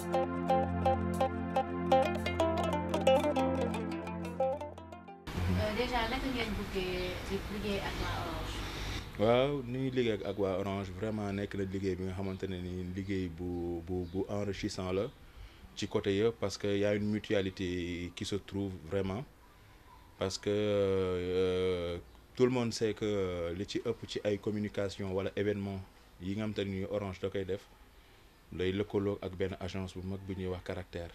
Euh, déjà naka ngeen buggee ligue, ak waa Orange. waaw ni ñuy liggéey ak waa Orange vraiment nekk na ligue bi nga xamante ne ni liggéey bu bu bu enrichissant la ci côté yëpp parce que il y a une mutualité qui se trouve vraiment parce que euh, tout le monde sait que li ci ëpp ci ay communication wala événement yi nga xamante Orange da koy def lay lëkkaloo ak benn agence bu mag bu ñuy wax caractère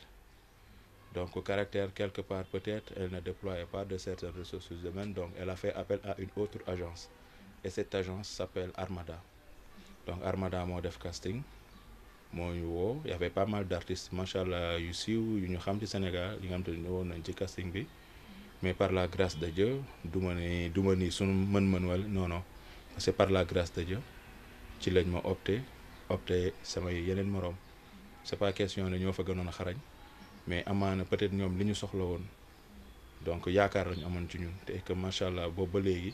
donc caractère quelque part peut-être elle ne déployait pas de certaines ressources humaines. donc elle a fait appel à une autre agence et cette agence s'appelle Armada donc Armada fait def casting Il ñu y avait pas mal d'artistes macha allah yu siiw ñu xam Sénégal yi nga fait casting bi mais par la grâce de Dieu du ma du ni sunu mën non non c'est par la grâce de Dieu ci lañ ma opté opté sama yeneen morom c'est pas question ne ñoo fa gënoon xarañ mais amana peut-être ñom liñu ñu soxla woon donc yaakar lañu amoon ci ñun te que machallah bo boobu ba léegi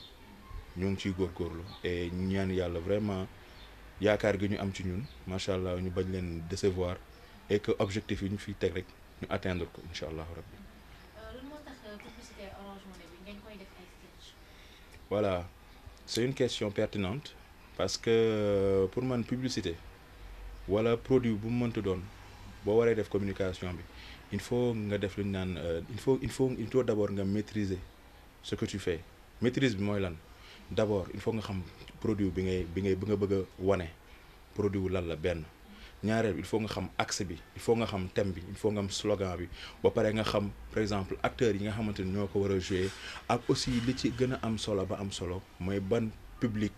ñoo ngi gor góorgóorlu et ñaan yalla vraiment yaakar gi ñu am ci ñun machallah ñu bañ leen décevoir et que objectif yi ñu fi teg rek ñu atteindre ko inshallah allahu rabbi. Euh, lan moo tax euh, publicité Orange Money bi ngeen koy def ay voilà c'est une question pertinente parce que euh, pour la publicité voilà produit bon monte donne, def communication il faut nga euh, il faut il faut maîtriser ce que tu fais maîtrise moi d'abord il faut produit bi produit là la il faut nga xam axe il faut nga thème il faut nga slogan par exemple acteur, yi nga jouer aussi li ci am solo ba am solo public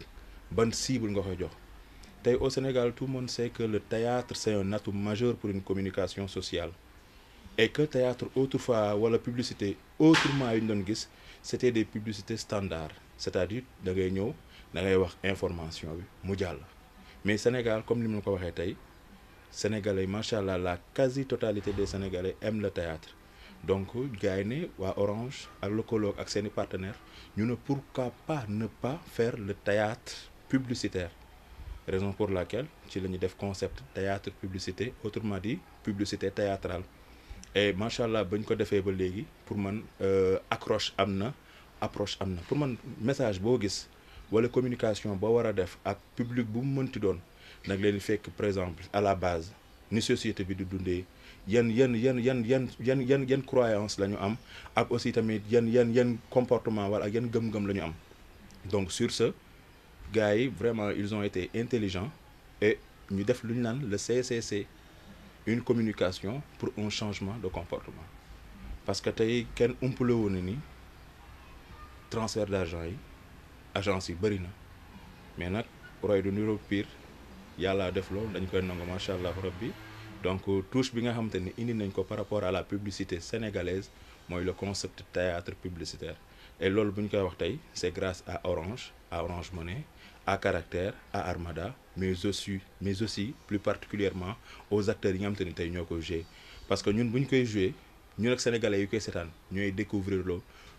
ban cible nga au Sénégal tout le monde sait que le théâtre c'est un atout majeur pour une communication sociale et que théâtre autrefois la publicité autrement c'était des publicités standards c'est-à-dire da ngay ñew da ngay wax information bi mais Sénégal comme nous la ko sénégalais la quasi totalité des sénégalais aiment le théâtre donc gayné Orange ak colloque ak ses partenaires ne pourquoi pas ne pas faire le théâtre publicitaire raison pour laquelle nous avons fait def concept théâtre publicité autrement dit publicité théâtrale et machallah allah ba ñu ko defee ba pour man euh, accroche amna, approche amna. Pour pour man message boo ou wala communication boo war def ak public bu mu donne doon nag que par exemple à la base ni société bi di dundee il y a yan a croyance et am aussi tamit y a un comportement wala ak y a donc sur ce gars vraiment ils ont été intelligents et ñu def le CCC une communication pour un changement de comportement parce que tey kenn un woon ni transfert d'argent, agence yi bëri na mais nag roy du pire il def a dañ koy nangu macha rabbi donc euh, touche bi nga xamante que indi nañ ko par rapport à la publicité sénégalaise Moi, le concept théâtre publicitaire et loolu bu koy wax c'est grâce à Orange à Orange Money à caractère à Armada mais aussi mais aussi plus particulièrement aux acteurs yi nga xamante ni tey parce que ñun nous ñu koy joué ñun ak sénégalais yu koy seetaan découvrir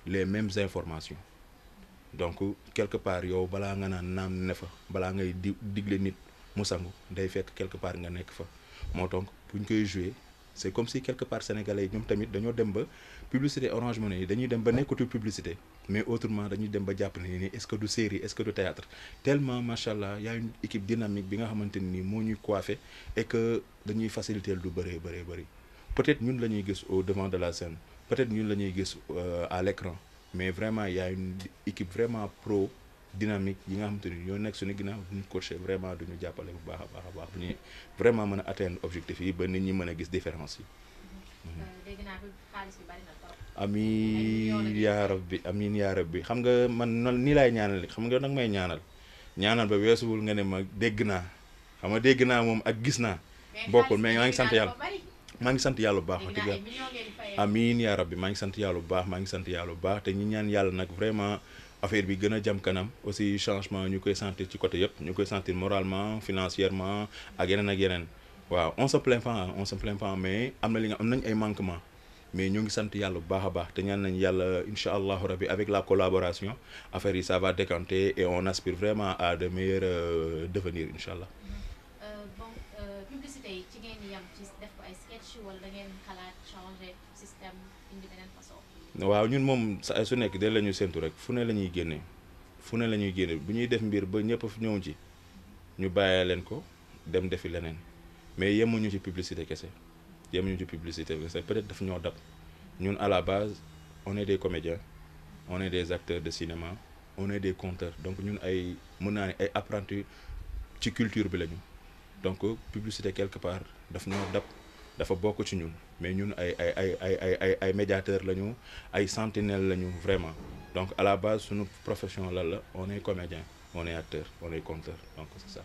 les mêmes informations donc quelque part yow balaa nga naan naam ne fa balaa ngay di nit mu sangu day fekk quelque part nga nekk fa moo donc bu koy c'est comme si quelque part sénégalais yi tamit dañu dem ba publicité Orange Money dañuy dem ba publicité mais autrement dañuy dem ba japp est-ce que du série est-ce que du théâtre tellement machallah il y a une équipe dynamique bi nga xamanteni et que dañuy faciliter du peut-être ñun nous au devant de la scène peut-être ñun nous ñuy euh, à l'écran mais vraiment il y a une équipe vraiment pro dynamique yi nga xamanteni ñoo nek suñu ginaaw bu ñu coaché vraiment duñu jappalé bu baaxa baaxa baax a vraiment mëna atteindre objectif yi ba nit ñi mëna gis différence yi. amin ya rabbi amin ya rabbi xam nga man ni lay ñaanal xam nga nak may ñaanal ñaanal ba weesuwul nga ne ma degg na xam nga degg na mom ak gis na bokul mais maa ngi sante yalla ma ngi sante yalla bu baax wax amin ya rabbi ma ngi sante yalla bu baax ma ngi sante yalla bu baax te ñi ñaan yalla nak vraiment affaire bi gëna jam kanam aussi changement ñu sentir ci côté yëpp ñu sentir moralement financièrement ak yenen ak yenen waaw on se plaint pas on se plaint pas mais amna li nga am ay manquement mais ñoo ngi sant bu baax a baax te ñaan nañ yalla inshallah rabbi avec la collaboration affaire yi ça va décanter et on aspire vraiment à de meilleurs euh, devenir incha ci def ko ay sketch wala da ngeen xalaat changer système indi beneen waaw ñun moom su nekk de la ñu séntu rek fu ne la ñuy génnee fu ne la ñuy génne bu ñuy def mbir ba ñëpp fi ñëw ci ñu bàyyee leen ko dem defi leneen mais yemuñu ci publicité kese yemuñu ci publicité kese peut-être daf ñoo dab ñun à la base on est des comédiens on est des acteurs de cinéma on est des conteurs donc ñun ay mën naa ay apprentis ci culture bi lañu donc publicité quelque part daf ñoo beaucoup dafa bokk mais nous sommes ay médiateurs lañu ay sentinelles vraiment donc à la base notre profession on est comédien on est acteur on est conteur donc c'est ça.